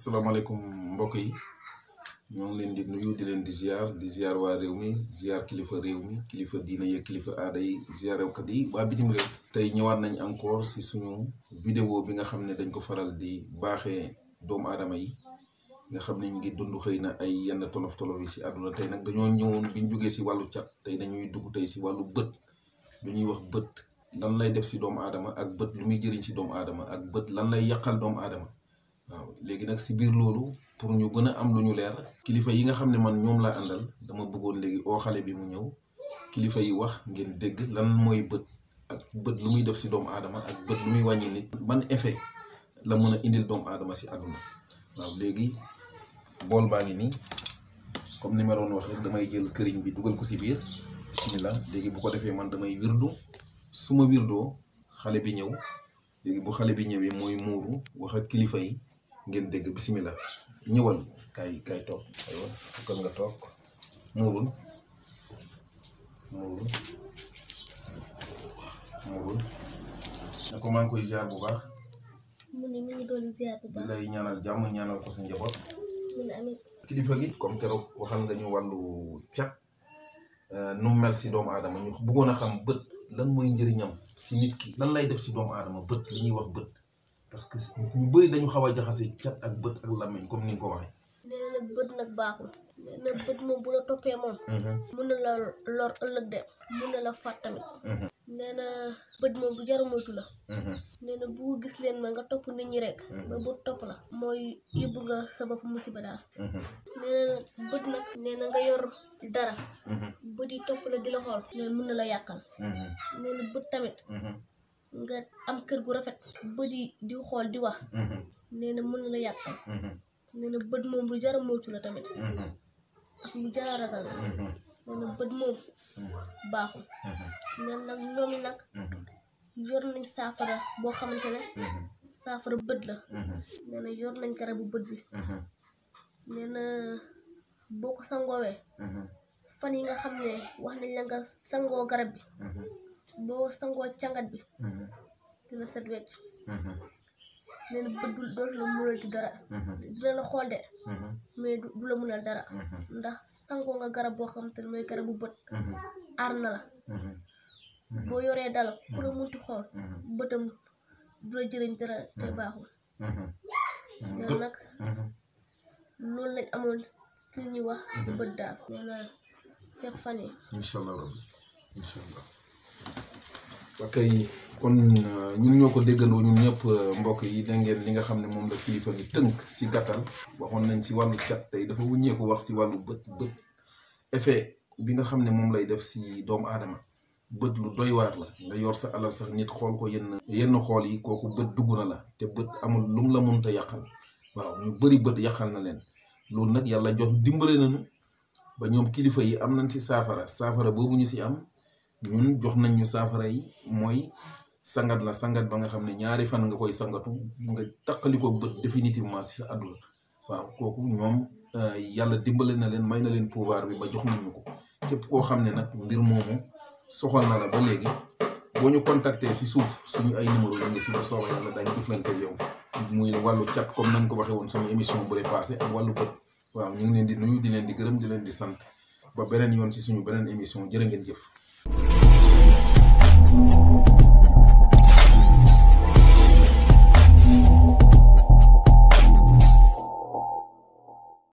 asalaamaaleykum mbokk yi ñoo ngi leen di nuyu di leen di ziar di ziar waa réew mi ziar kilifa réew kilifa diina yeeg kilifa aada yi ziarewkat yi waa bitim réew. tey ñëwaat nañ encore si suñu vidéo bi nga xam ne dañ ko faral di baaxee doomu aadama yi nga xam ne ñu ngi dund xëy na ay yenn tolof tolof yi si àdduna tey nag dañoo ñëwoon bi ñu jógee si wàllu cat tey dañuy dugg tey si wàllu bët lu ñuy wax bët lan lay def si doomu aadama ak bët lu muy jëriñ ci doomu aadama ak bët lan lay yàqal doomu aadama. léegi nak ci bir lolu pour ñu gëna am lu ñu leer kilifa yi nga xamne man ñom laa andal dama bëggoon léegi o xalé bi mu ñew kilifa yi wax ngeen dégg lan moy bëtt ak bëtt lu muy def ci doom adama ak bëtt lu muy wañi nit ban effet la mëna indil doom adama si aduna waaw léegi bol baangi ni comme ni ma doon wax rek damay jël kërign bi duggal ko ci bir bismillah léegi bu ko defee man damay wirdu suma wirdo xalé bi ñew léegi bu xalé bi ñewé moy muru wax ak kilifa yi ngeen deg bismillah ñewal kay kay toog aywa sukkal nga tok muurul muurul muurul ne ko man koy ziar bu baax mu mi ngi doon ziar bu baax lay ñaanal jamm ñaanal ko sa njaboot mu ne amit kilifa gi comme tero waxal nga ñu wàllu euh nu mel si doom adam ñu bëggona xam bët lan mooy njëriñam ci nit ki lan lay def si doom adam bët li ñuy wax parce que ñu bëri dañu xaw a jaxase cat ak bët ak làmmiñ comme ni nga ko waxee. nee na nag bët nag baaxul. nee na bu la topé mom mhm. mun na la lor ëlëk de mun na la fat tamit. Mhm. neena na mom moom bu jar a moytu la. Mhm. neena bu gis leen ma nga top nit ñi rek. ba bu top la. moy yóbbu nga sa bopp musiba daal. nee na nak neena nga yor dara. bët di top la di la xool. nee na na la yakal neena na tamit. nga am kër gu rafet bët yi di xool di wax mhm. nee na mën na la yàqal mhm. nee na bët moom lu jar a moytu tamit mhm. ak lu jar a ragal la nee na bët moom baaxul neen nag ñoom nag yor nañ saafara boo xamante ne saafara bët la nee na yor nañ garabu bët bi nee na boo ko sangoowee fan yi nga xam ne wax nañ la nga sangoo garab bi boo sangoo càngat bi. Mhm. dina set wecc. Mhm. nee na bët du la mënal dara. Mhm. dina la xool de. mais du la mënal dara. ndax sangoo nga garab boo xam te ne mooy garabu bët. aar na la. boo yoree dal ku la munti xool. bëtam du la jëriñ dara te baaxul. te nag loolu lañ amoon si li ñuy wax. bët daal. nee naa ok kon euh, ñun ñoo ko déggandoo ñun ñëpp euh, mbokk yi da li nga xam ne moom la kilifa gi tënk si gàttal waxoon nañ si wàllu cat tey dafa wuññeeku wax si wàllu bët bët bi nga xam ne moom lay def si doomu aadama bët lu doy waar la nga yor sa alal sax nit xool ko yenn xool yi kooku bët dugg na la te bët amul lum la mënta yàqal waaw ñu bëri bët yàqal na leen loolu nag yàlla jox dimbale nañu ba ñoom kilifa yi am nañ si saafara saafara boobu ñu si am. ñun jox nañ ñu saafara yi mooy sangat la sangat ba nga xam ne ñaari fan nga koy sangatu nga taqali ko bët définitivement si sa àdduna waaw kooku ñoom euh, yàlla dimbale na leen may na leen pouvoir bi ba jox nañ ñu ko képp koo xam ne nag mbir moomu soxal na la ba léegi boo ñu contacter si suuf su suñu ay numéro la nga si bu soobee yàlla daañu jëflante yow muy wàllu cat comme nañ ko waxee woon suñu émission bu lay passé ak wàllu bët waaw ñu ngi leen di nuyu di leen di gërëm di leen di sant ba beneen yoon si suñu beneen émission jërë ngeen jëf. Thank you